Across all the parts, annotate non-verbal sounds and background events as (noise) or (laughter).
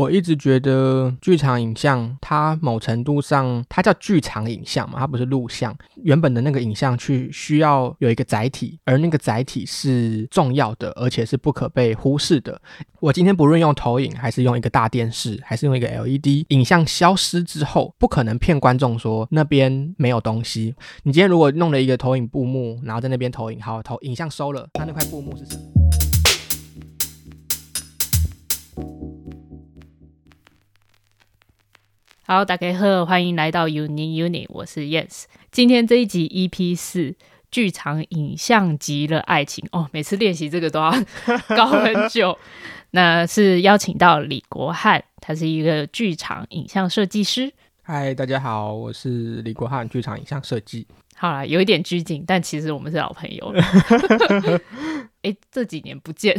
我一直覺得劇場影像，它某程度上，它叫劇場影像嘛，它不是錄像原本的那個影像去需要有一個載體，而那個載體是重要的，而且是不可被忽視的。我今天不論用投影，還是用一個大電視，還是用一個 LED，影像消失之後，不可能騙觀眾說那邊沒有東西。你今天如果弄了一個投影布幕，然後在那邊投影，好，投影像收了，那那塊布幕是什麼？好，大家好，歡迎來到 Uni Uni，我是 Yes。今天這一集 EP 四，劇場影像極了愛情哦。每次練習這個都要搞很久。 (laughs) 那是邀請到李國漢，他是一個劇場影像設計師。嗨，大家好，我是李國漢，劇場影像設計。好啦，有一點拘謹，但其實我們是老朋友了。 (laughs) (laughs) 哎，這幾年不見，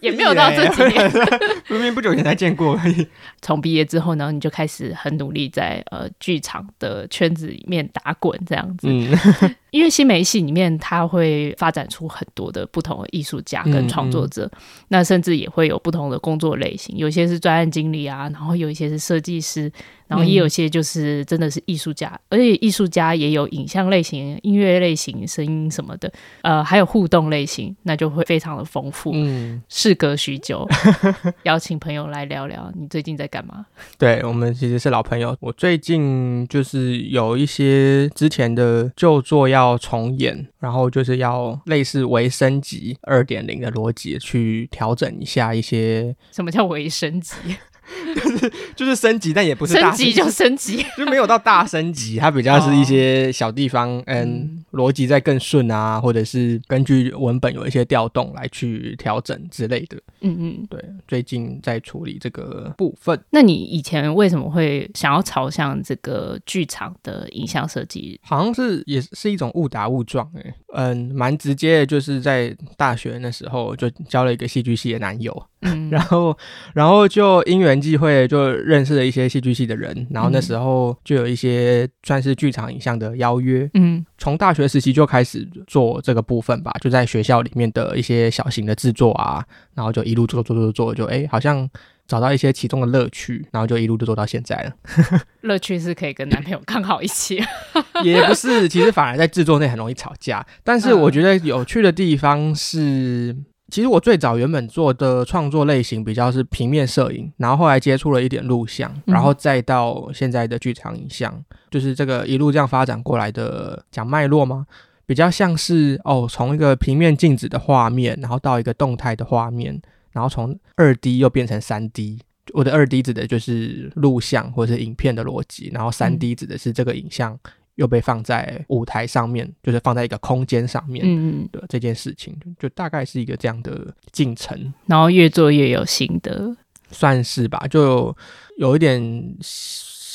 也沒有到這幾年，欸、 (laughs) 明明不久前才見過。從畢業之後呢，你就開始很努力在呃劇場的圈子裡面打滾，這樣子。嗯、 (laughs) 因為新媒系裡面，他會發展出很多的不同的藝術家跟創作者，嗯嗯，那甚至也會有不同的工作類型，有些是專案經理啊，然後有一些是設計師，然後也有些就是真的是藝術家，嗯、而且藝術家也有影像類型、音樂類型、聲音什麼的，呃，還有互動類型。那就會非常的豐富。嗯，事隔許久， (laughs) 邀請朋友來聊聊，你最近在幹嘛？對，我們其實是老朋友。我最近就是有一些之前的舊作要重演，然後就是要類似微升級二點零的邏輯去調整一下一些。什麼叫微升級？ (laughs) 就是 (laughs) 就是升級，但也不是大升級，升級就升級， (laughs) 就沒有到大升級。它比較是一些小地方，哦、and, 嗯，邏輯再更順啊，或者是根據文本有一些調動來去調整之類的。嗯嗯，對，最近在處理這個部分。那你以前為什麼會想要朝向這個劇場的影像設計？好像是也是一種誤打誤撞誒、欸，嗯，蠻直接的，就是在大學那時候就交了一個戲劇系的男友。嗯、然後，然後就因緣際會就認識了一些戲劇系的人，然後那時候就有一些算是劇場影像的邀約，嗯，從大學時期就開始做這個部分吧，就在學校裡面的一些小型的制作啊，然後就一路做做做做做，就哎，好像找到一些其中的樂趣，然後就一路就做到現在了。 (laughs) 樂趣是可以跟男朋友看好一起， (laughs) 也不是，其實反而在制作內很容易吵架，但是我覺得有趣的地方是。其實我最早原本做的創作類型比較是平面攝影，然後後來接觸了一點錄像，然後再到現在的劇場影像，嗯、就是這個一路這樣發展過來的。講脈絡嗎？比較像是哦，從一個平面靜止的畫面，然後到一個動態的畫面，然後從二 D 又變成三 D。我的二 D 指的就是錄像或者是影片的邏輯，然後三 D 指的是這個影像。嗯又被放在舞台上面，就是放在一個空間上面的這件事情，嗯、就，就大概是一個這樣的進程。然後越做越有心得，算是吧，就有一點。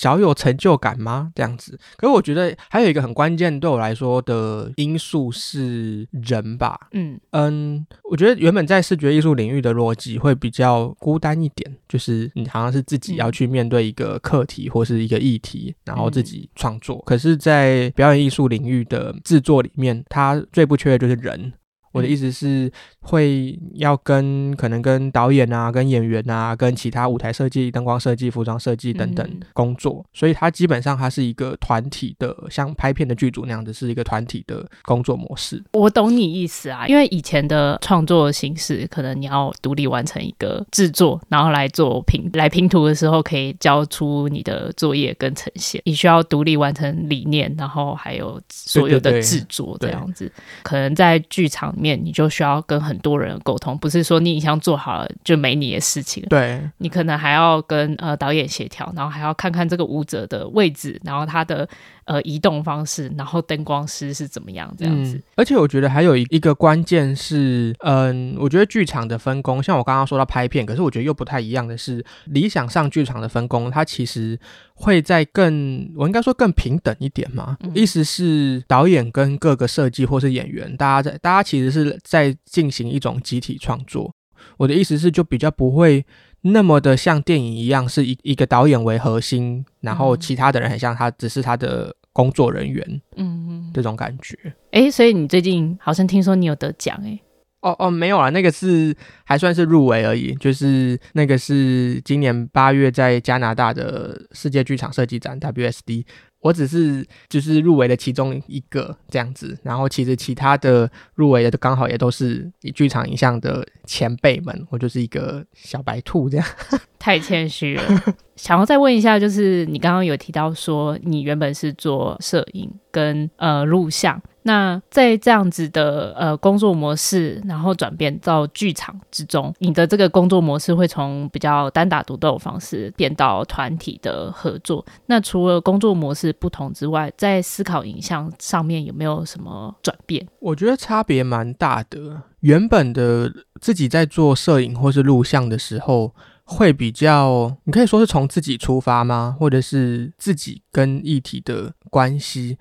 小有成就感嗎？這樣子，可是我覺得還有一個很關鍵，對我來說的因素是人吧。嗯嗯，我覺得原本在視覺藝術領域的邏輯會比較孤單一點，就是你好像是自己要去面對一個課題或是一個議題，嗯、然後自己創作。嗯、可是，在表演藝術領域的製作裡面，它最不缺的就是人。我的意思是，會要跟可能跟導演啊、跟演員啊、跟其他舞台設計、燈光設計、服裝設計等等工作，嗯，所以它基本上它是一個團體的，像拍片的劇組那樣子，是一個團體的工作模式。我懂你意思啊，因為以前的創作形式，可能你要獨立完成一個制作，然後來做拼來拼圖的時候，可以交出你的作業跟呈現，你需要獨立完成理念，然後還有所有的制作這樣子，對對對，可能在劇場。面你就需要跟很多人溝通，不是說你影像做好了就沒你的事情。對你可能還要跟呃導演協調，然後還要看看這個舞者的位置，然後他的。呃，移動方式，然後燈光師是怎麼樣這樣子。嗯，而且我覺得還有一個關鍵是，嗯，我覺得劇場的分工，像我剛剛說到拍片，可是我覺得又不太一樣的是，理想上劇場的分工，它其實會在更，我應該說更平等一點嘛。嗯。意思是導演跟各個設計或是演員，大家在，大家其實是在進行一種集體創作。我的意思是，就比較不會那麼的像電影一樣，是以一個導演為核心，然後其他的人很像他，只是他的工作人員，嗯嗯，嗯這種感覺。哎、欸，所以你最近好像聽說你有得獎、欸，誒、哦？哦哦，沒有啊，那個是還算是入圍而已，就是那個是今年八月在加拿大的世界劇場設計展 （WSD）。我只是就是入圍的其中一個這樣子，然後其實其他的入圍的剛好也都是以劇場影像的前輩們，我就是一個小白兔這樣。 (laughs) 太謙虛了。 (laughs) 想要再問一下，就是你剛剛有提到說你原本是做攝影跟呃錄像，那在這樣子的呃工作模式，然後轉變到劇場之中，你的這個工作模式會從比較單打獨鬥的方式變到團體的合作。那除了工作模式不同之外，在思考影像上面有沒有什麼轉變？我覺得差別蠻大的。原本的自己在做攝影或是錄像的時候。會比較，你可以說是從自己出發嗎？或者是自己跟議題的關係？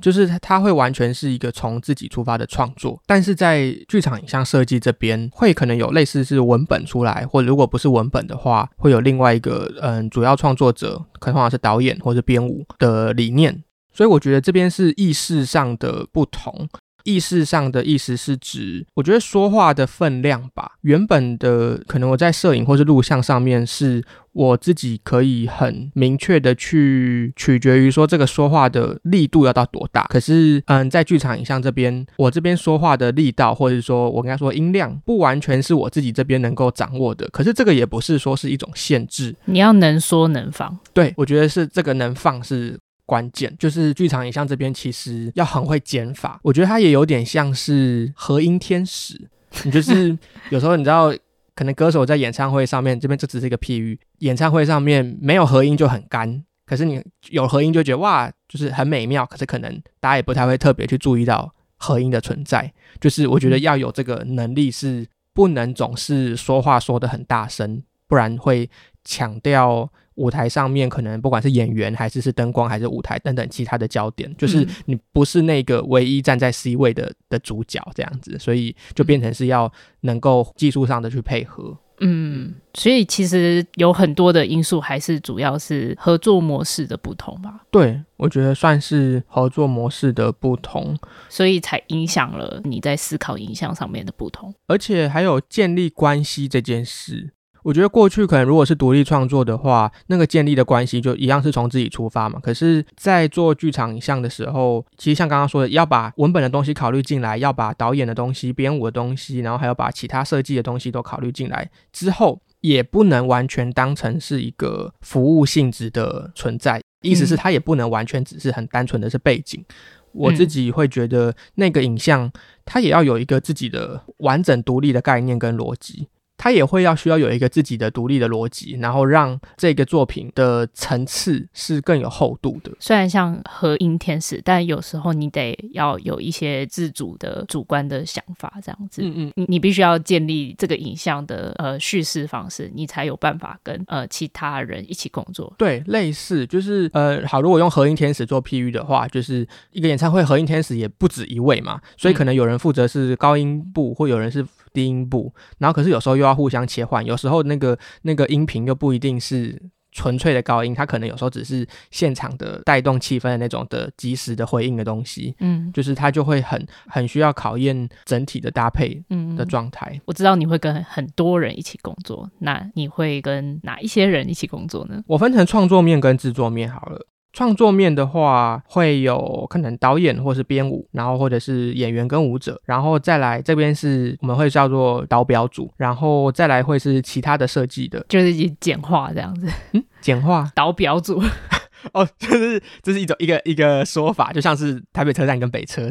就是它會完全是一個從自己出發的創作，但是在劇場影像設計這邊，會可能有類似是文本出來，或者如果不是文本的話，會有另外一個嗯，主要創作者，可能好像是導演或者編舞的理念。所以我覺得這邊是意識上的不同。意識上的意思是指，我覺得說話的分量吧。原本的可能我在攝影或是錄像上面是，是我自己可以很明確的去，取決於說這個說話的力度要到多大。可是，嗯，在劇場影像這邊，我這邊說話的力道，或者說我跟他說音量，不完全是我自己這邊能夠掌握的。可是這個也不是說是一種限制，你要能說能放。對，我覺得是這個能放是。關鍵就是劇場影像這邊其實要很會減法，我覺得它也有點像是合音天使。你就是有時候你知道， (laughs) 可能歌手在演唱會上面這邊這只是一個譬喻，演唱會上面沒有合音就很乾，可是你有合音就覺得哇，就是很美妙。可是可能大家也不太會特別去注意到合音的存在。就是我覺得要有這個能力，是不能總是說話說得很大聲，不然會搶掉。舞台上面可能不管是演員還是是燈光還是舞台等等其他的焦點，就是你不是那個唯一站在 C 位的的主角這樣子，所以就變成是要能夠技術上的去配合。嗯，所以其實有很多的因素，還是主要是合作模式的不同吧。對，我覺得算是合作模式的不同，所以才影響了你在思考影像上面的不同，而且還有建立關係這件事。我覺得過去可能如果是獨立創作的話，那個建立的關係就一樣是從自己出發嘛。可是，在做劇場影像的時候，其實像剛剛說的，要把文本的東西考慮進來，要把導演的東西、編舞的東西，然後還要把其他設計的東西都考慮進來之後，也不能完全當成是一個服務性質的存在。意思是它也不能完全只是很單純的是背景。嗯、我自己會覺得，那個影像它也要有一個自己的完整獨立的概念跟邏輯。他也會要需要有一個自己的獨立的邏輯，然後讓這個作品的層次是更有厚度的。雖然像合音天使，但有時候你得要有一些自主的主觀的想法，這樣子。嗯嗯，你你必須要建立這個影像的呃敘事方式，你才有辦法跟呃其他人一起工作。對，類似就是呃，好，如果用合音天使做譬喻的話，就是一個演唱會合音天使也不止一位嘛，所以可能有人負責是高音部，嗯、或有人是低音部，然後可是有時候又要互相切換，有時候那個那個音頻又不一定是純粹的高音，它可能有時候只是現場的帶動氣氛的那種的及時的回應的東西，嗯，就是它就會很很需要考驗整體的搭配的狀態。嗯，我知道你會跟很多人一起工作，那你會跟哪一些人一起工作呢？我分成創作面跟制作面好了。創作面的話，會有可能導演或是編舞，然後或者是演員跟舞者，然後再來這邊是我們會叫做導表組，然後再來會是其他的設計的，就是以簡化這樣子，嗯、簡化導表組， (laughs) 哦，就是這是一種一個一個說法，就像是台北車站跟北車，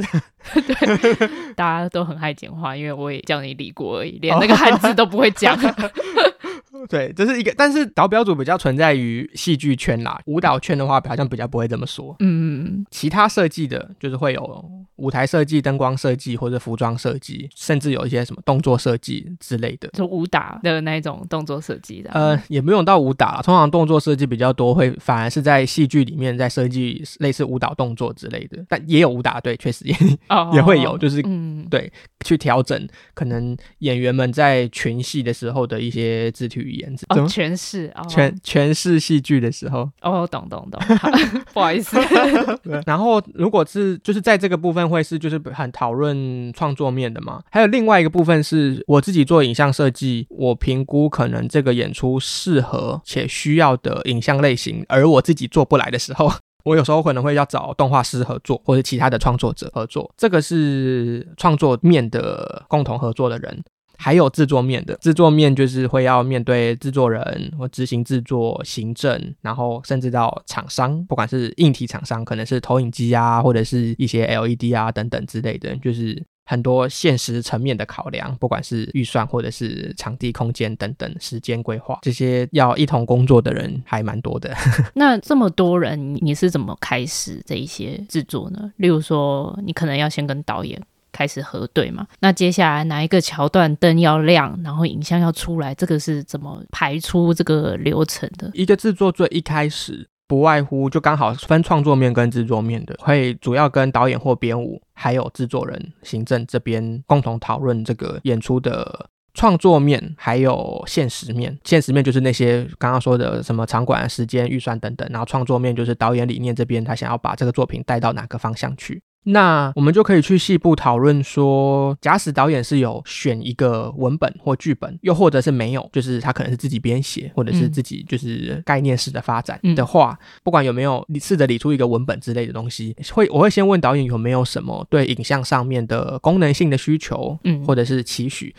對， (laughs) (laughs) 大家都很愛簡化，因為我也叫你李國而已，連那個漢字都不會講。 (laughs) 對，這是一個，但是導表組比較存在於戲劇圈啦，舞蹈圈的話好像比較不會這麼說。嗯嗯，其他設計的就是會有。舞台設計、燈光設計或者服裝設計，甚至有一些什麼動作設計之類的，就武打的那一種動作設計的。呃，也不用到武打，通常動作設計比較多，會反而是在戲劇裡面在設計類似舞蹈動作之類的，但也有武打，對，確實也、oh, 也會有，就是、嗯、對去調整可能演員們在群戲的時候的一些肢體語言，怎麼、oh,？詮釋哦，詮詮釋戲劇的時候，哦、oh,，懂懂懂， (laughs) 不好意思 (laughs) 。然後如果是就是在這個部分。會是就是很討論創作面的嘛？還有另外一個部分是我自己做影像設計，我評估可能這個演出適合且需要的影像類型，而我自己做不來的時候，我有時候可能會要找動畫師合作，或者其他的創作者合作。這個是創作面的共同合作的人。還有製作面的製作面，就是會要面對製作人或執行製作行政，然後甚至到廠商，不管是硬體廠商，可能是投影機啊，或者是一些 LED 啊等等之類的，就是很多現實層面的考量，不管是預算或者是場地空間等等時間規劃，這些要一同工作的人還蠻多的。 (laughs) 那這麼多人，你是怎麼開始這一些製作呢？例如說，你可能要先跟導演。開始核對嘛？那接下來哪一個橋段燈要亮，然後影像要出來，這個是怎麼排出這個流程的？一個製作最一開始不外乎就剛好分創作面跟製作面的，會主要跟導演或編舞，還有製作人、行政這邊共同討論這個演出的創作面，還有現實面。現實面就是那些剛剛說的什麼場館、時間、預算等等，然後創作面就是導演理念這邊，他想要把這個作品帶到哪個方向去。那我們就可以去細部討論說，假使導演是有選一個文本或劇本，又或者是沒有，就是他可能是自己編寫，或者是自己就是概念式的發展的話，嗯、不管有沒有，你試着理出一個文本之類的東西，會我會先問導演有沒有什麼對影像上面的功能性的需求，嗯、或者是期許。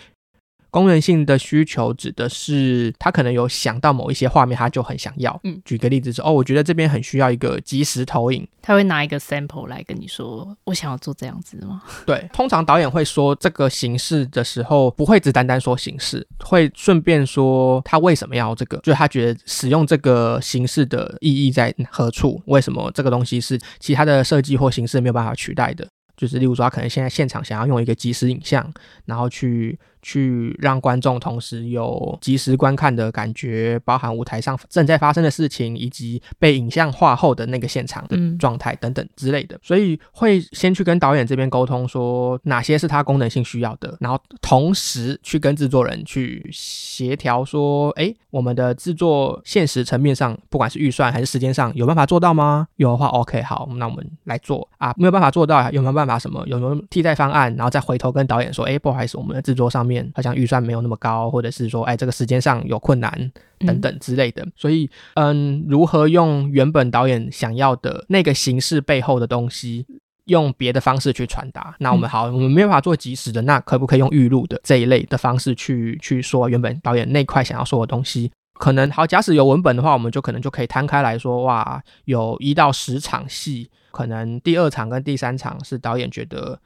功能性的需求指的是他可能有想到某一些畫面，他就很想要。嗯，舉個例子說，哦，我覺得這邊很需要一個即時投影。他會拿一個 sample 來跟你說，我想要做這樣子嗎？對，通常導演會說這個形式的時候，不會只單單說形式，會順便說他為什麼要這個，就是他覺得使用這個形式的意義在何處，為什麼這個東西是其他的設計或形式沒有辦法取代的。就是例如說，他可能現在現場想要用一個即時影像，然後去。去讓觀眾同時有及時觀看的感覺，包含舞台上正在發生的事情，以及被影像化後的那個現場的狀態等等之類的。嗯、所以會先去跟導演這邊溝通，說哪些是他功能性需要的，然後同時去跟製作人去協調，說，哎，我們的製作現實層面上，不管是預算還是時間上，有辦法做到嗎？有的話，OK，好，那我們來做啊。沒有辦法做到，有沒有辦法什麼，有沒有替代方案？然後再回頭跟導演說，哎，不好意思，好還是我們的製作上面。面，好像預算沒有那麼高，或者是說，哎，這個時間上有困難等等之類的。嗯、所以，嗯，如何用原本導演想要的那個形式背後的東西，用別的方式去傳達？那我們好，嗯、我們沒辦法做即時的，那可不可以用預錄的這一類的方式去去說原本導演那塊想要說的東西？可能好，假使有文本的話，我們就可能就可以攤開來說，哇，有一到十場戲，可能第二場跟第三場是導演覺得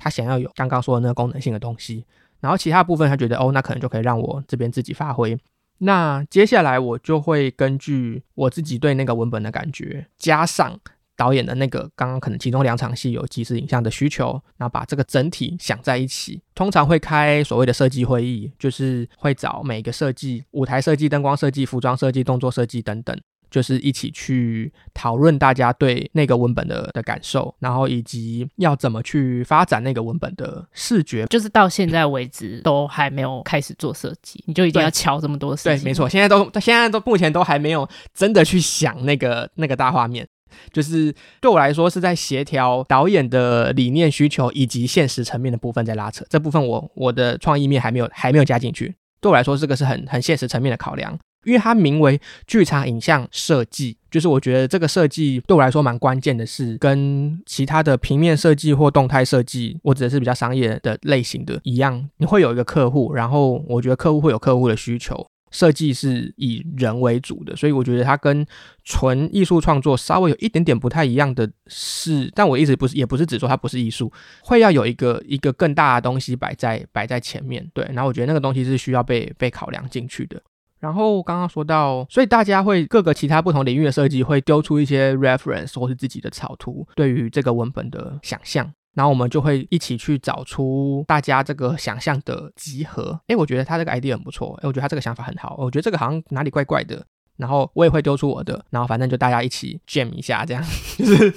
他想要有剛剛說的那個功能性的東西。然後其他部分，他覺得哦，那可能就可以讓我這邊自己發揮。那接下來我就會根據我自己對那個文本的感覺，加上導演的那個剛剛可能其中兩場戲有即時影像的需求，那把這個整體想在一起。通常會開所謂的設計會議，就是會找每個設計、舞台設計、燈光設計、服裝設計、動作設計等等。就是一起去討論大家對那個文本的的感受，然後以及要怎麼去發展那個文本的視覺。就是到現在為止都還沒有開始做設計，你就已經要敲這麼多設計。對，沒錯，現在都現在都目前都還沒有真的去想那個那個大畫面。就是對我來說，是在協調導演的理念需求以及現實層面的部分在拉扯。這部分我我的創意面還沒有還沒有加進去。對我來說，這個是很很現實層面的考量。因為它名為劇場影像設計，就是我覺得這個設計對我來說蠻關鍵的是跟其他的平面設計或動態設計，我指的是比較商業的類型的，一樣你會有一個客戶，然後我覺得客戶會有客戶的需求，設計是以人為主的，所以我覺得它跟純藝術創作稍微有一點點不太一樣的是，但我一直不是，也不是只說它不是藝術，會要有一個一個更大的東西擺在擺在前面，對，然後我覺得那個東西是需要被被考量進去的。然後剛剛說到，所以大家會各個其他不同領域的設計會丟出一些 reference 或是自己的草圖，對於這個文本的想象，然後我們就會一起去找出大家這個想象的集合。哎，我覺得他這個 idea 很不錯。哎，我覺得他這個想法很好。我覺得這個好像哪裡怪怪的。然後我也會丟出我的。然後反正就大家一起 jam 一下這樣。就是，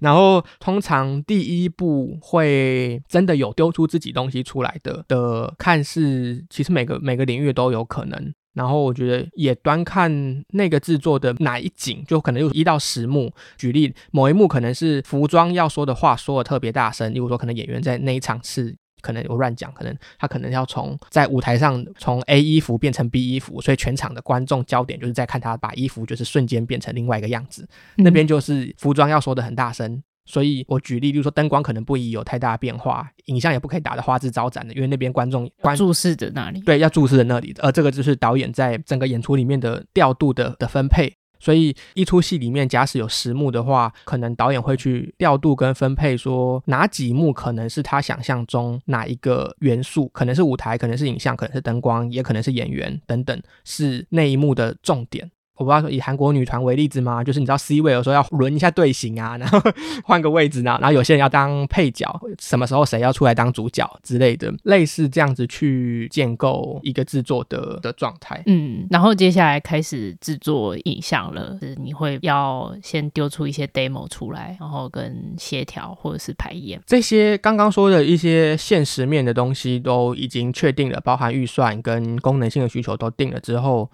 然後通常第一步會真的有丟出自己東西出來的的看是，看似其實每個每個領域都有可能。然後我覺得也端看那個製作的哪一景，就可能有一到十幕。舉例某一幕可能是服裝要說的話說的特別大聲，例如說可能演員在那一場次，可能我亂講，可能他可能要從在舞台上從 A 衣服變成 B 衣服，所以全場的觀眾焦點就是在看他把衣服就是瞬間變成另外一個樣子。嗯、那邊就是服裝要說的很大聲。所以，我舉例，比如說燈光可能不宜有太大變化，影像也不可以打得花枝招展的，因為那邊觀眾關注視着那裡，對，要注視着那裡。而、呃、這個就是導演在整個演出裡面的調度的的分配。所以，一出戲裡面假使有十幕的話，可能導演會去調度跟分配，說哪幾幕可能是他想象中哪一個元素，可能是舞台，可能是影像，可能是燈光，也可能是演員等等，是那一幕的重點。我不知道以韓國女團為例子嗎？就是你知道 C 位有時候要輪一下隊形啊，然後換個位置呢，啊，然後有些人要當配角，什麼時候誰要出來當主角之類的，類似這樣子去建構一個制作的的狀態。嗯，然後接下來開始制作影像了，是你會要先丟出一些 demo 出來，然後跟協調或者是排演。這些剛剛說的一些現實面的東西都已經確定了，包含預算跟功能性的需求都定了之後。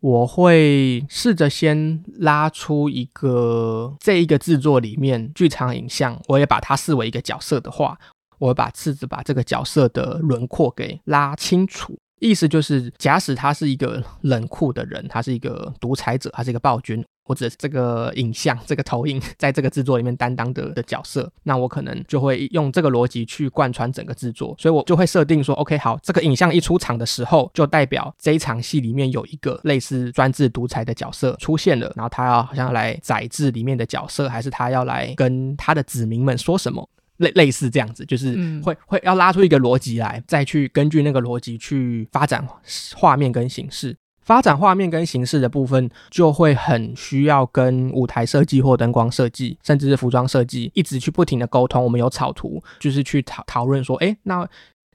我會試着先拉出一個這一個制作裡面劇場影像，我也把它視為一個角色的話，我會把試著把這個角色的輪廓給拉清楚，意思就是，假使他是一個冷酷的人，他是一個獨裁者，他是一個暴君。或者這個影像、這個投影，在這個制作裡面擔當的的角色，那我可能就會用這個邏輯去貫穿整個制作，所以我就會設定說，OK，好，這個影像一出場的時候，就代表這一場戲裡面有一個類似專制獨裁的角色出現了，然後他要好像要來宰製裡面的角色，還是他要來跟他的子民們說什麼，類類似這樣子，就是會會要拉出一個邏輯來，再去根據那個邏輯去發展畫面跟形式。發展畫面跟形式的部分就會很需要跟舞台設計或燈光設計，甚至是服裝設計，一直去不停的溝通。我們有草圖，就是去討討論說，哎，那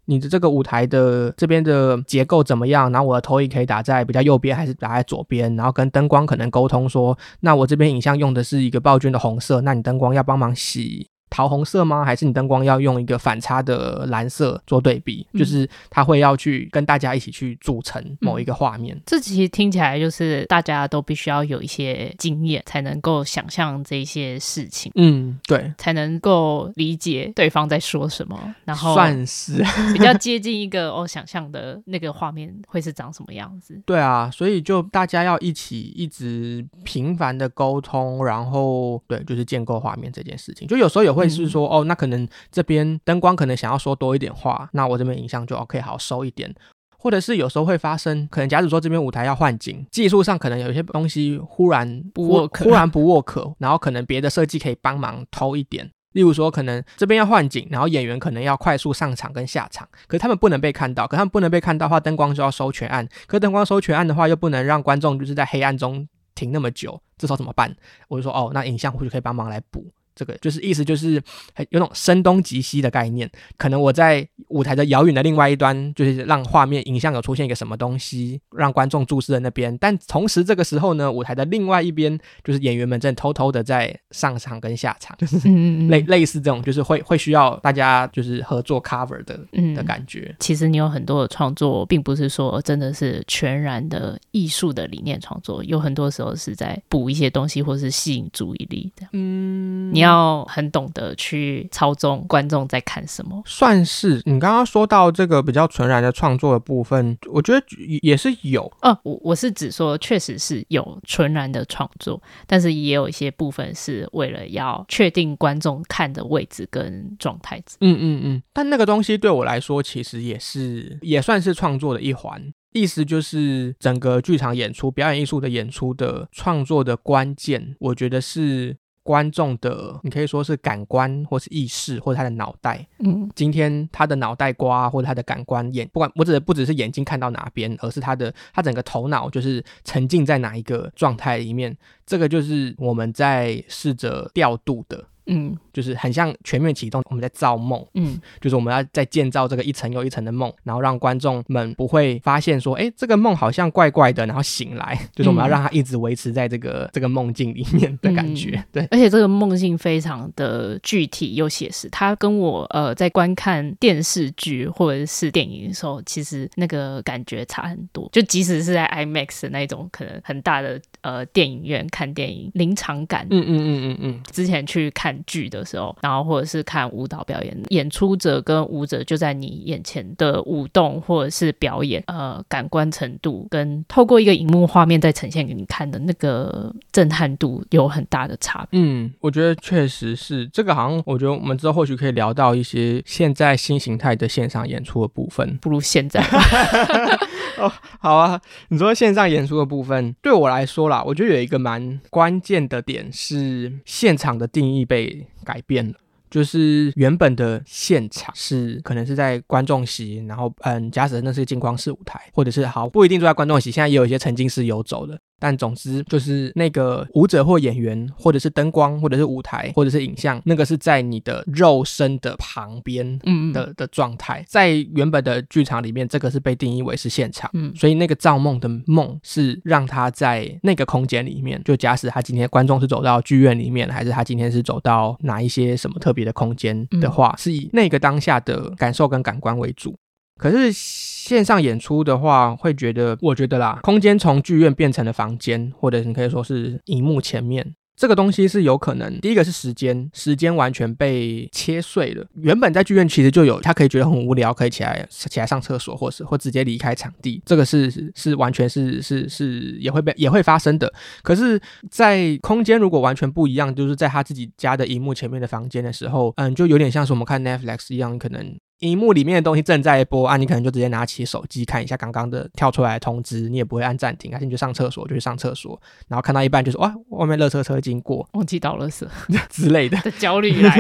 你的這個舞台的這邊的結構怎麼樣？然後我的投影可以打在比較右邊，還是打在左邊？然後跟燈光可能溝通說，那我這邊影像用的是一個暴君的紅色，那你燈光要幫忙洗。桃紅色嗎？還是你燈光要用一個反差的藍色做對比？嗯、就是它會要去跟大家一起去組成某一個畫面、嗯。這其實聽起來就是大家都必須要有一些經驗，才能夠想象這些事情。嗯，對，才能夠理解對方在說什麼。然後算是 (laughs) 比較接近一個我、哦、想象的那個畫面會是長什麼樣子。對啊，所以就大家要一起一直頻繁的溝通，然後對，就是建構畫面這件事情，就有時候也會。或者是說哦，那可能這邊燈光可能想要說多一點話，那我這邊影像就 OK，好好收一點。或者是有時候會發生，可能假使說這邊舞台要換景，技術上可能有些東西忽然不 work， (laughs) 忽然不 work，然後可能別的設計可以幫忙偷一點。例如說，可能這邊要換景，然後演員可能要快速上場跟下場，可是他們不能被看到，可他們不能被看到的話，燈光就要收全暗。可燈光收全暗的話，又不能讓觀眾就是在黑暗中停那麼久，這時候怎麼辦？我就說哦，那影像或許可以幫忙來補。這個就是意思，就是還有種聲東擊西的概念。可能我在舞台的遙遠的另外一端，就是讓畫面、影像有出現一個什麼東西，讓觀眾注視在那邊。但同時，這個時候呢，舞台的另外一邊，就是演員們正偷偷的在上場跟下場，就是、類、嗯、類似這種，就是會會需要大家就是合作 cover 的、嗯、的感覺。其實你有很多的創作，並不是說真的是全然的藝術的理念創作，有很多時候是在補一些東西，或是吸引注意力的。嗯。你。要很懂得去操縱觀眾在看什麼，算是你剛剛說到這個比較純然的創作的部分，我覺得也，也是有呃、哦、我我是指說，確實是有純然的創作，但是也有一些部分是為了要確定觀眾看的位置跟狀態嗯。嗯嗯嗯。但那個東西對我來說，其實也是也算是創作的一環，意思就是整個劇場演出、表演藝術的演出的創作的關鍵，我覺得是。觀眾的，你可以說是感官，或是意識，或者他的腦袋。嗯，今天他的腦袋瓜，或者他的感官眼，不管我指的不只是眼睛看到哪邊，而是他的，他整個頭腦就是沉浸在哪一個狀態裡面。這個就是我們在試着調度的。嗯，就是很像全面啟動，我們在造夢，嗯，就是我們要在建造這個一層又一層的夢，然後讓觀眾們不會發現說，哎、欸，這個夢好像怪怪的，然後醒來，就是我們要讓它一直維持在這個這個夢境裡面的感覺。嗯、對，而且這個夢境非常的具體又寫實，它跟我呃在觀看電視劇或者是電影的時候，其實那個感覺差很多。就即使是在 IMAX 那一種可能很大的呃電影院看電影，臨場感嗯，嗯嗯嗯嗯嗯，嗯之前去看。劇的時候，然後或者是看舞蹈表演，演出者跟舞者就在你眼前的舞動，或者是表演，呃，感官程度跟透過一個熒幕畫面再呈現給你看的那個震撼度有很大的差別。嗯，我覺得確實是這個，好像我覺得我們之後或許可以聊到一些現在新形態的線上演出的部分，不如現在。 (laughs) 哦， (laughs) oh, 好啊，你說線上演出的部分，對我來說啦，我覺得有一個蠻關鍵的點是，現場的定義被改變了，就是原本的現場是可能是在觀眾席，然後嗯，假使那是鏡框式舞台，或者是好不一定坐在觀眾席，現在也有一些沉浸式遊走的。但總之就是那個舞者或演員，或者是燈光，或者是舞台，或者是影像，那個是在你的肉身的旁邊嗯，的的狀態。在原本的劇場裡面，這個是被定義為是現場。嗯，所以那個造夢的夢是讓他在那個空間裡面。就假使他今天觀眾是走到劇院裡面，還是他今天是走到哪一些什麼特別的空間的話，是以那個當下的感受跟感官為主。可是線上演出的話，會覺得我覺得啦，空間從劇院變成了房間，或者你可以說是熒幕前面這個東西是有可能。第一個是時間，時間完全被切碎了。原本在劇院其實就有他可以覺得很無聊，可以起來起來上廁所，或是或直接離開場地。這個是是完全是是是也會被也會發生的。可是，在空間如果完全不一樣，就是在他自己家的熒幕前面的房間的時候，嗯，就有點像是我們看 Netflix 一樣，可能。熒幕裡面的東西正在播啊，你可能就直接拿起手機看一下剛剛的跳出來的通知，你也不會按暫停，而且你就上廁所，就去上廁所，然後看到一半就是哇，外面垃圾車經過，忘記倒垃圾之類的，的焦慮來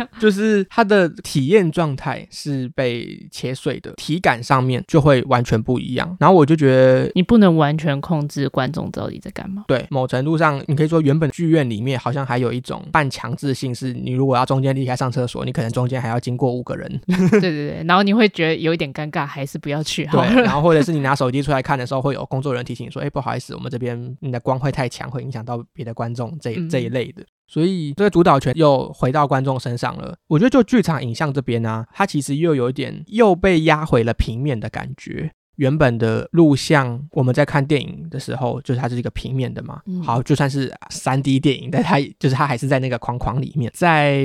了， (laughs) 就是他的體驗狀態是被切碎的，體感上面就會完全不一樣。然後我就覺得你不能完全控制觀眾到底在幹嘛。對，某程度上，你可以說原本劇院裡面好像還有一種半強制性，是你如果要中間離開上廁所，你可能中間還要經過五個人。 (laughs) 對對對，然後你會覺得有一點尷尬，還是不要去好了。對，然後或者是你拿手機出來看的時候， (laughs) 會有工作人員提醒說：“哎，不好意思，我們這邊你的光會太強，會影響到別的觀眾。”這這一類的，嗯、所以這個主導權又回到觀眾身上了。我覺得就劇場影像這邊呢、啊，它其實又有點又被壓回了平面的感覺。原本的錄像，我們在看電影的時候，就是它是一個平面的嘛。好，就算是 3D 電影，但它就是它還是在那個框框裡面，在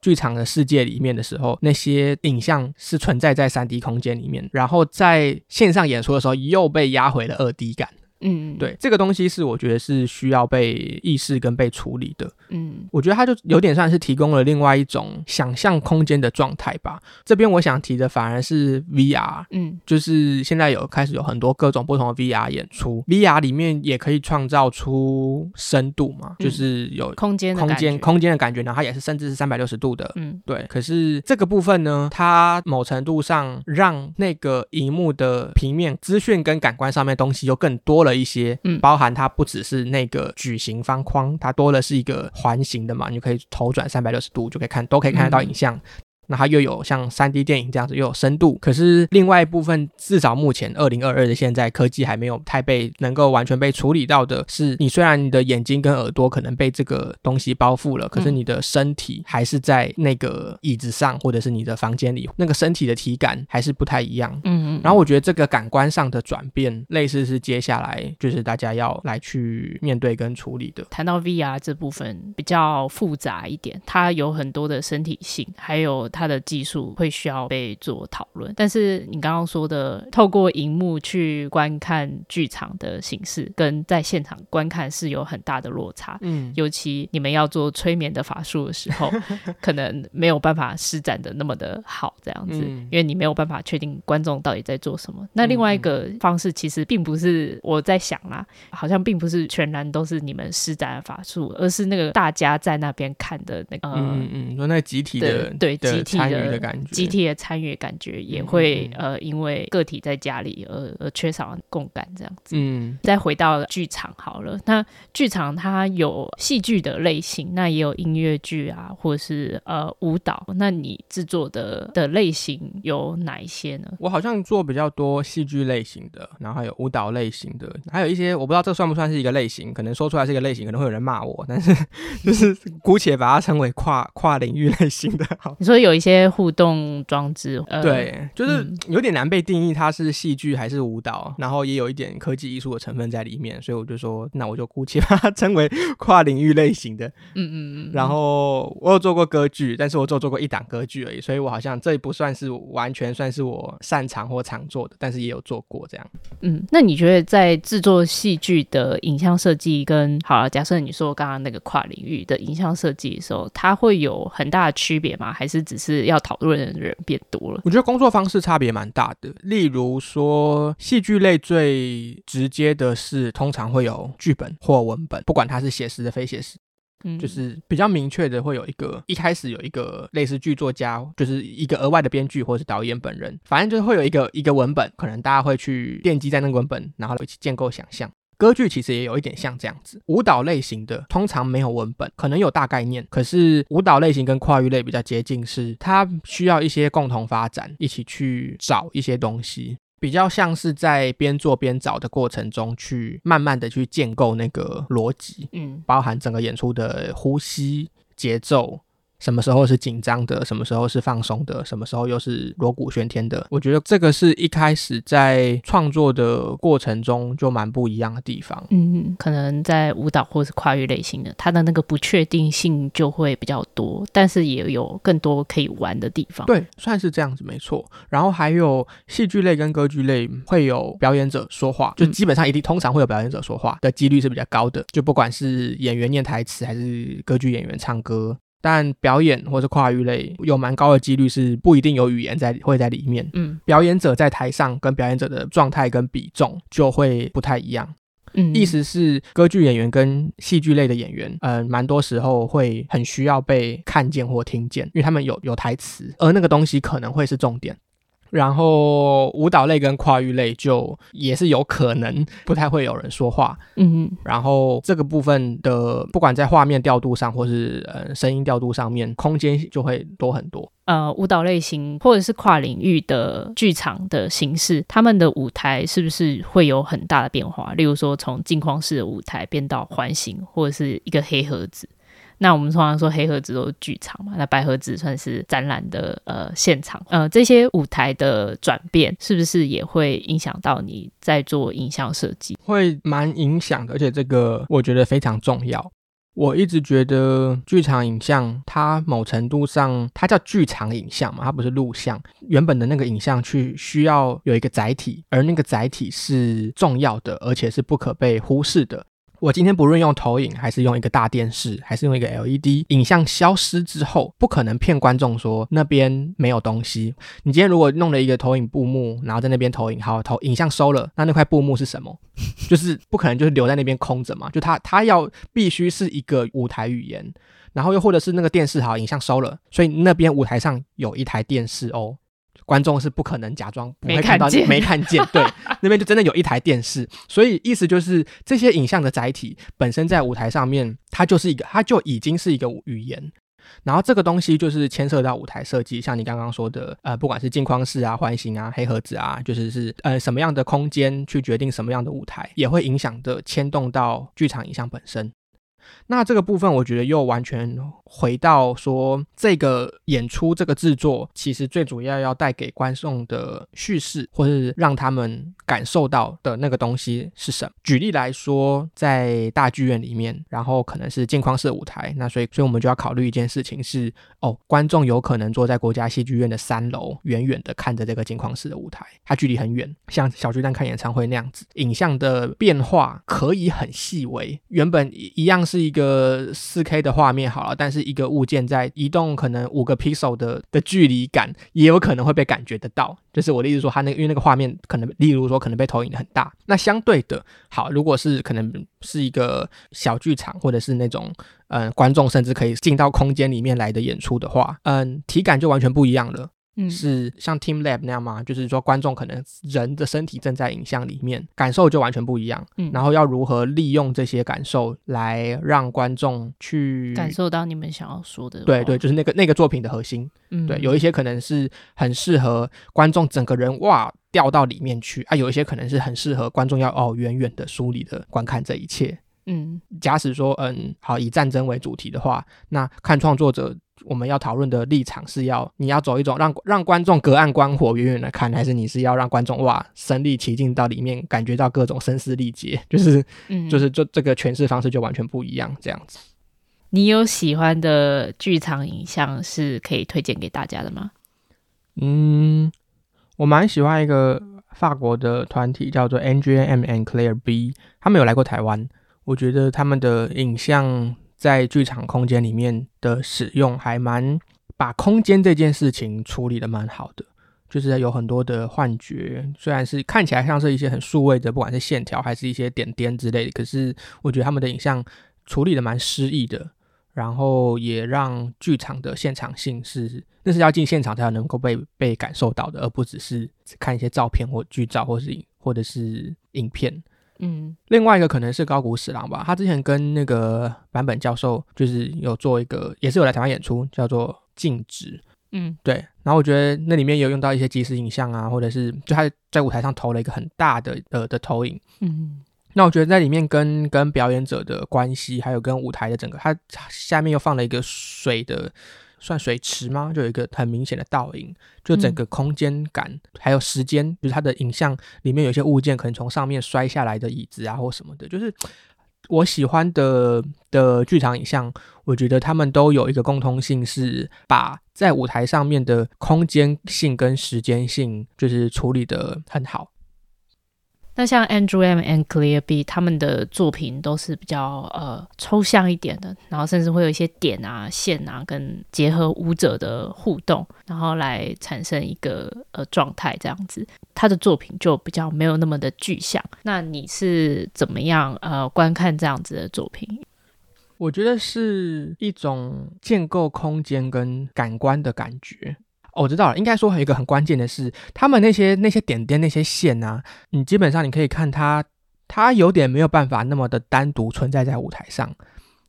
劇場的世界裡面的時候，那些影像是存在在 3D 空間裡面。然後在線上演出的時候，又被壓回了 2D 感。嗯，嗯，對，這個東西是我覺得是需要被意識跟被處理的。嗯，我覺得它就有點算是提供了另外一種想象空間的狀態吧。這邊我想提的反而是 VR，嗯，就是現在有開始有很多各種不同的 VR 演出，VR 裡面也可以創造出深度嘛，嗯、就是有空間空間空間的感覺呢，然後它也是甚至是三百六十度的。嗯，對。可是這個部分呢，它某程度上讓那個熒幕的平面資訊跟感官上面的東西就更多了。一些，嗯，包含它不只是那個矩形方框，它多的是一個環形的嘛，你就可以頭轉三百六十度就可以看，都可以看得到影像。嗯那它又有像 3D 電影這樣子又有深度，可是另外一部分至少目前二零二二的現在科技還沒有太被能夠完全被處理到的是，你雖然你的眼睛跟耳朵可能被這個東西包覆了，可是你的身體還是在那個椅子上或者是你的房間裡，那個身體的體感還是不太一樣。嗯嗯。然後我覺得這個感官上的轉變，類似是接下來就是大家要來去面對跟處理的。談到 VR 這部分比較複雜一點，它有很多的身體性，還有。他的技術會需要被做討論，但是你剛剛說的透過熒幕去觀看劇場的形式，跟在現場觀看是有很大的落差。嗯、尤其你們要做催眠的法術的時候， (laughs) 可能沒有辦法施展的那麼的好，這樣子，嗯、因為你沒有辦法確定觀眾到底在做什麼。那另外一個方式，其實並不是我在想啦，好像並不是全然都是你們施展的法術，而是那個大家在那邊看的那個，嗯嗯，嗯、呃，說那集體的，對對。對對參與的感覺，集體的參與感覺，嗯、也會、嗯、呃，因為個體在家裡而，而缺少共感這樣子。嗯，再回到劇場好了。那劇場它有戲劇的類型，那也有音樂劇啊，或者是呃舞蹈。那你制作的的類型有哪一些呢？我好像做比較多戲劇類型的，然後還有舞蹈類型的，還有一些我不知道這算不算是一個類型，可能說出來是一個類型，可能會有人罵我，但是就是姑且把它稱為跨跨領域類型的。好，你說有。有一些互動裝置，呃、對，就是有點難被定義，它是戲劇還是舞蹈，嗯、然後也有一點科技藝術的成分在裡面，所以我就說，那我就姑且把它稱為跨領域類型的。嗯嗯嗯。嗯，然後我有做過歌劇，但是我只做，做過一檔歌劇而已，所以我好像這不算是完全算是我擅長或常做的，但是也有做過這樣。嗯，那你覺得在製作戲劇的影像設計跟好、啊、假設你說剛剛那個跨領域的影像設計的時候，它會有很大的區別嗎？還是只是是要討論的人變多了。我覺得工作方式差別蠻大的。例如說，戲劇類最直接的是，通常會有劇本或文本，不管它是寫實的、非寫實，嗯，就是比較明確的會有一個，一開始有一個類似劇作家，就是一個額外的編劇或是導演本人，反正就是會有一個一個文本，可能大家會去奠基在那個文本，然後一起建構想象。歌劇其實也有一點像這樣子，舞蹈類型的通常沒有文本，可能有大概念，可是舞蹈類型跟跨域類比較接近是，是它需要一些共同發展，一起去找一些東西，比較像是在邊做邊找的過程中去，去慢慢的去建構那個邏輯，嗯，包含整個演出的呼吸節奏。什麼時候是緊張的，什麼時候是放鬆的，什麼時候又是鑼鼓喧天的？我覺得這個是一開始在創作的過程中就蠻不一樣的地方。嗯，可能在舞蹈或是跨越類型的，它的那個不確定性就會比較多，但是也有更多可以玩的地方。對，算是這樣子，沒錯。然後還有戲劇類跟歌劇類會有表演者說話，就基本上一定、嗯、通常會有表演者說話的幾率是比較高的。就不管是演員念台詞，還是歌劇演員唱歌。但表演或是跨域類有蠻高的幾率是不一定有語言在會在裡面，嗯，表演者在台上跟表演者的狀態跟比重就會不太一樣，嗯，意思是歌劇演員跟戲劇類的演員，嗯，呃，蠻多時候會很需要被看見或聽見，因為他們有有台詞，而那個東西可能會是重點。然後舞蹈類跟跨域類就也是有可能不太會有人說話，嗯哼，然後這個部分的不管在畫面調度上，或是呃聲音調度上面，空間就會多很多。呃，舞蹈類型或者是跨領域的劇場的形式，他們的舞台是不是會有很大的變化？例如說從鏡框式的舞台變到環形，或者是一個黑盒子。那我們通常說黑盒子都是劇場嘛，那白盒子算是展覽的呃現場，呃這些舞台的轉變是不是也會影響到你在做影像設計？會蠻影響的，而且這個我覺得非常重要。我一直覺得劇場影像它某程度上它叫劇場影像嘛，它不是錄像。原本的那個影像去需要有一個載體，而那個載體是重要的，而且是不可被忽視的。我今天不論用投影，還是用一個大電視，還是用一個 LED，影像消失之後，不可能騙觀眾說那邊沒有東西。你今天如果弄了一個投影布幕，然後在那邊投影，好，投影像收了，那那塊布幕是什麼？就是不可能，就是留在那邊空着嘛。就它它要必須是一個舞台語言，然後又或者是那個電視，好，影像收了，所以那邊舞台上有一台電視哦。觀眾是不可能假裝沒看到、沒看見、沒看見，對， (laughs) 那邊就真的有一台電視，所以意思就是這些影像的載體本身在舞台上面，它就是一個，它就已經是一個語言，然後這個東西就是牽涉到舞台設計，像你剛剛說的，呃，不管是鏡框式啊、環形啊、黑盒子啊，就是是呃什麼樣的空間去決定什麼樣的舞台，也會影響的牽動到劇場影像本身。那這個部分，我覺得又完全回到說，這個演出這個制作，其實最主要要帶給觀眾的敘事，或是讓他們感受到的那個東西是什麼？舉例來說，在大劇院裡面，然後可能是鏡框式舞台，那所以，所以我們就要考慮一件事情是：哦，觀眾有可能坐在國家戲劇院的三樓，遠遠的看着這個鏡框式的舞台，它距離很遠，像小巨蛋看演唱會那樣子，影像的變化可以很細微，原本一樣是。是一個四 K 的畫面好了，但是一個物件在移動，可能五個 pixel 的的距離感也有可能會被感覺得到。就是我的意思說，它那個、因為那個畫面可能，例如說可能被投影得很大。那相對的，好，如果是可能是一個小劇場，或者是那種嗯觀眾甚至可以進到空間裡面來的演出的話，嗯，體感就完全不一樣了。是像 Team Lab 那樣嗎？嗯，就是說，觀眾可能人的身體正在影像裡面，感受就完全不一樣。嗯，然後要如何利用這些感受來讓觀眾去感受到你們想要說的？對對，就是那個那個作品的核心。嗯，對，有一些可能是很適合觀眾整個人哇掉到裡面去啊，有一些可能是很適合觀眾要哦遠遠的疏離的觀看這一切。嗯，假使說嗯好以戰爭為主題的話，那看創作者。我們要討論的立場是要，你要走一種讓讓觀眾隔岸觀火，遠遠的看，還是你是要讓觀眾哇身歷其境到裡面，感覺到各種聲嘶力竭，就是，嗯、就是這這個詮釋方式就完全不一樣這樣子。你有喜歡的劇場影像是可以推薦給大家的嗎？嗯，我蠻喜歡一個法國的團體叫做 Adrien M and Claire B，他們有來過台灣，我覺得他們的影像，在劇場空間裡面的使用還蠻把空間這件事情處理得蠻好的，就是有很多的幻覺，雖然是看起來像是一些很數位的，不管是線條還是一些點點之類的，可是我覺得他們的影像處理得蠻的蠻詩意的，然後也讓劇場的現場性是，那是要進現場才能夠被被感受到的，而不只是看一些照片或劇照，或是影或者是影片。嗯，另外一個可能是高谷史郎吧，他之前跟那個坂本教授就是有做一個，也是有來台灣演出，叫做《靜止》。嗯，對。然後我覺得那裡面有用到一些即時影像啊，或者是就他在舞台上投了一個很大的呃的投影。嗯哼，那我覺得在裡面跟跟表演者的關係，還有跟舞台的整個，他下面又放了一個水的。算水池嗎？就有一個很明顯的倒影，就整個空間感，嗯、還有時間，就是它的影像裡面有些物件，可能從上面摔下來的椅子啊，或什麼的，就是我喜歡的的劇場影像。我覺得他們都有一個共通性，是把在舞台上面的空間性跟時間性，就是處理得很好。那像 Andrew M and Clear B 他們的作品都是比較呃抽象一點的，然後甚至會有一些點啊線啊跟結合舞者的互動，然後來產生一個呃狀態這樣子。他的作品就比較沒有那麼的具象。那你是怎麼樣呃觀看這樣子的作品？我覺得是一種建構空間跟感官的感覺。我、哦、知道了，應該說還有一個很關鍵的是，他們那些那些點點那些線呢、啊，你基本上你可以看他，他有點沒有辦法那麼的單獨存在在舞臺上，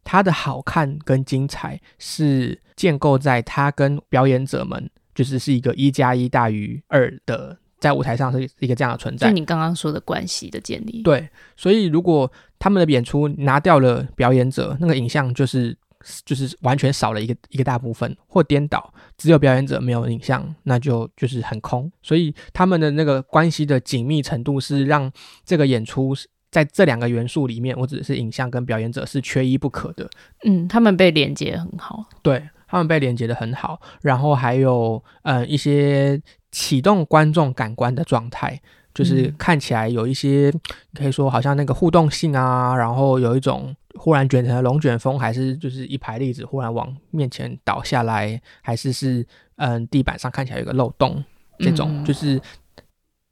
他的好看跟精彩是建構在他跟表演者們，就是是一個一加一大於二的，在舞臺上是一個這樣的存在。像你剛剛說的關係的建立。對，所以如果他們的演出拿掉了表演者，那個影像就是。就是完全少了一個一個大部分，或顛倒，只有表演者沒有影像，那就就是很空。所以他們的那個關係的緊密程度是讓這個演出是在這兩個元素裡面，或者是影像跟表演者是缺一不可的。嗯，他們被連接很好，對，他們被連接得很好，然後還有嗯一些啟動觀眾感官的狀態。就是看起來有一些可以說好像那個互動性啊，然後有一種忽然卷成龍捲風，還是就是一排粒子忽然往面前倒下來，還是是嗯地板上看起來有一個漏洞，嗯、這種，就是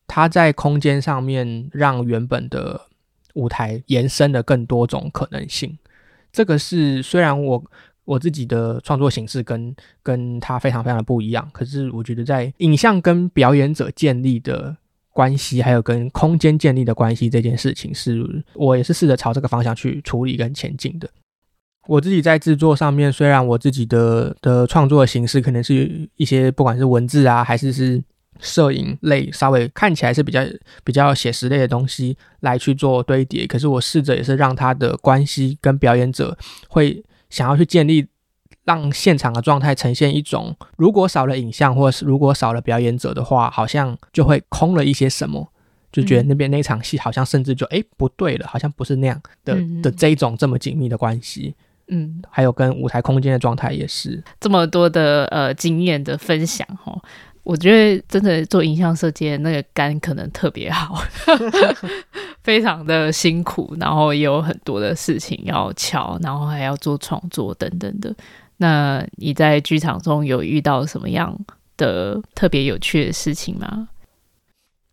它在空間上面讓原本的舞台延伸了更多種可能性。這個是雖然我我自己的創作形式跟跟它非常非常的不一樣，可是我覺得在影像跟表演者建立的關係還有跟空間建立的關係這件事情，是我也是試着朝這個方向去處理跟前進的。我自己在制作上面，雖然我自己的的創作的形式可能是一些不管是文字啊，還是是攝影類，稍微看起來是比較比較寫實類的東西來去做堆疊，可是我試着也是讓他的關係跟表演者會想要去建立。讓現場的狀態呈現一種，如果少了影像，或是如果少了表演者的話，好像就會空了一些什麼，就覺得那邊那場戲好像甚至就哎、嗯、不對了，好像不是那樣的、嗯、的這種這麼緊密的關係。嗯，還有跟舞台空間的狀態也是這麼多的呃經驗的分享、哦、我覺得真的做影像設計的那個肝可能特別好， (laughs) (laughs) 非常的辛苦，然後也有很多的事情要敲，然後還要做創作等等的。那你在劇場中有遇到什麼樣的特別有趣的事情嗎？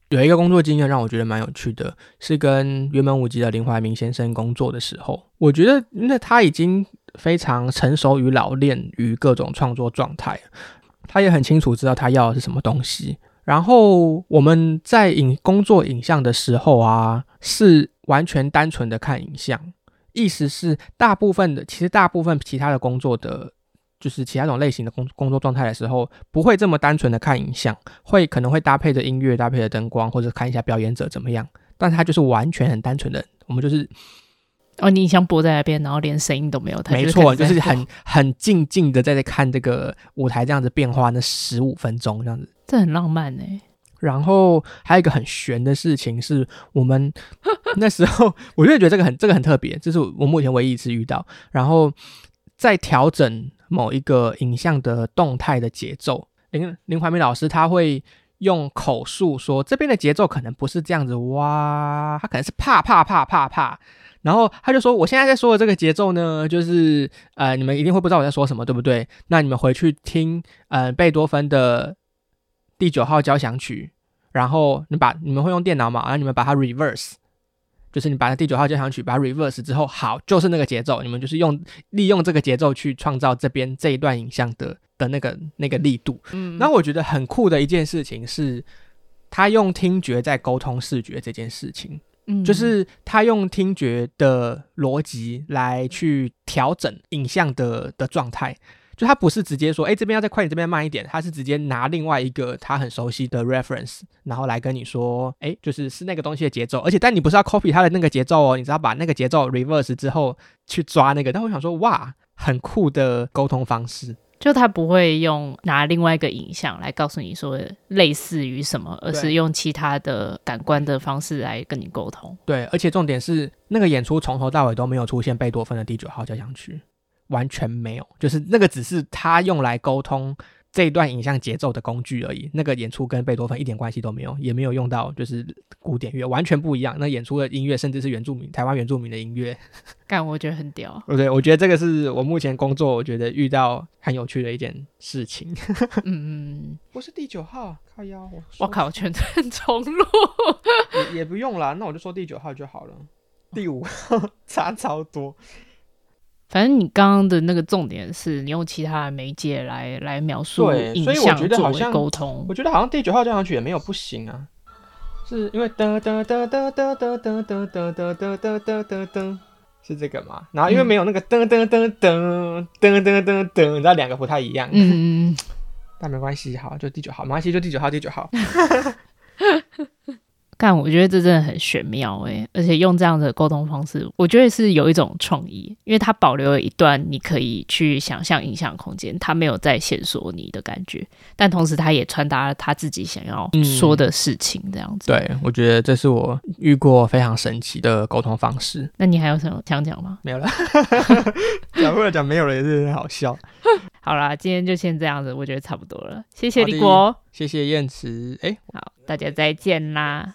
有一個工作經驗讓我覺得蠻有趣的，是跟雲門舞集的林懷民先生工作的時候，我覺得那他已經非常成熟與老練於各種創作狀態，他也很清楚知道他要的是什麼東西。然後我們在影工作影像的時候啊，是完全單純的看影像，意思是大部分的，其實大部分其他的工作的，就是其他種類型的工工作狀態的時候，不會這麼單純的看影像，會可能會搭配着音樂，搭配着燈光，或者看一下表演者怎麼樣。但是他就是完全很單純的，我們就是哦，影像播在那邊，然後連聲音都沒有。沒錯，就是很很靜靜的在在看這個舞台這樣子變化那十五分鐘這樣子，這很浪漫哎、欸。然後還有一個很玄的事情是，我們那時候我就覺得這個很這個很特別，這是我我目前唯一一次遇到。然後再調整。某一個影像的動態的節奏，林林懷民老師他會用口述說，這邊的節奏可能不是這樣子哇，他可能是啪啪啪啪啪，然後他就說，我現在在說的這個節奏呢，就是呃，你們一定會不知道我在說什麼，對不對？那你們回去聽呃貝多芬的第九號交響曲，然後你把你們會用電腦嘛，然後你們把它 reverse。就是你把第九號交響曲，把它 reverse 之後，好，就是那個節奏。你們就是用利用這個節奏去創造這邊這一段影像的的那個那個力度。嗯，那我覺得很酷的一件事情是，他用聽覺在溝通視覺這件事情，嗯，就是他用聽覺的邏輯來去調整影像的的狀態。就他不是直接說，哎，這邊要再快一點，這邊慢一點。他是直接拿另外一個他很熟悉的 reference，然後來跟你說，哎，就是是那個東西的節奏，而且但你不是要 copy 他的那個節奏哦，你只要把那個節奏 reverse 之後去抓那個。但我想說，哇，很酷的溝通方式。就他不會用拿另外一個影像來告訴你說類似於什麼，而是用其他的感官的方式來跟你溝通。對，對，而且重點是那個演出從頭到尾都沒有出現貝多芬的第九號交響曲。完全沒有，就是那個只是他用來溝通這一段影像節奏的工具而已。那個演出跟貝多芬一點關係都沒有，也沒有用到，就是古典樂，完全不一樣。那演出的音樂甚至是原住民，台灣原住民的音樂，幹，我覺得很屌。對，我覺得這個是我目前工作，我覺得遇到很有趣的一件事情。嗯嗯，我是第九號，靠腰，我，我靠全，全程重錄，也不用啦，那我就說第九號就好了。第五號、哦、 (laughs) 差超多。反正你剛剛的那個重點是，你用其他的媒介來來描述對，影像作為溝通。我覺得好像第九號交響曲也沒有不行啊，是因為噔噔噔噔噔噔噔噔噔噔噔噔噔，是這個嗎？然後因為沒有那個噔噔噔噔噔噔噔噔，你知道兩個不太一樣。嗯，但沒關係，好，就第九號，沒關係，就第九號，第九號。但我覺得這真的很玄妙誒。而且用這樣的溝通方式，我覺得是有一種創意，因為它保留了一段你可以去想象、影像空間，它沒有在限縮你的感覺，但同時他也傳達了他自己想要說的事情，這樣子，嗯。對，我覺得這是我遇過非常神奇的溝通方式。那你還有什麼想講嗎？沒有了，講 (laughs) 過了講沒有了也是很好笑。 (laughs) (laughs) 好啦，今天就先這樣子，我覺得差不多了。謝謝李國，謝謝燕池，誒、欸，好，大家再見啦。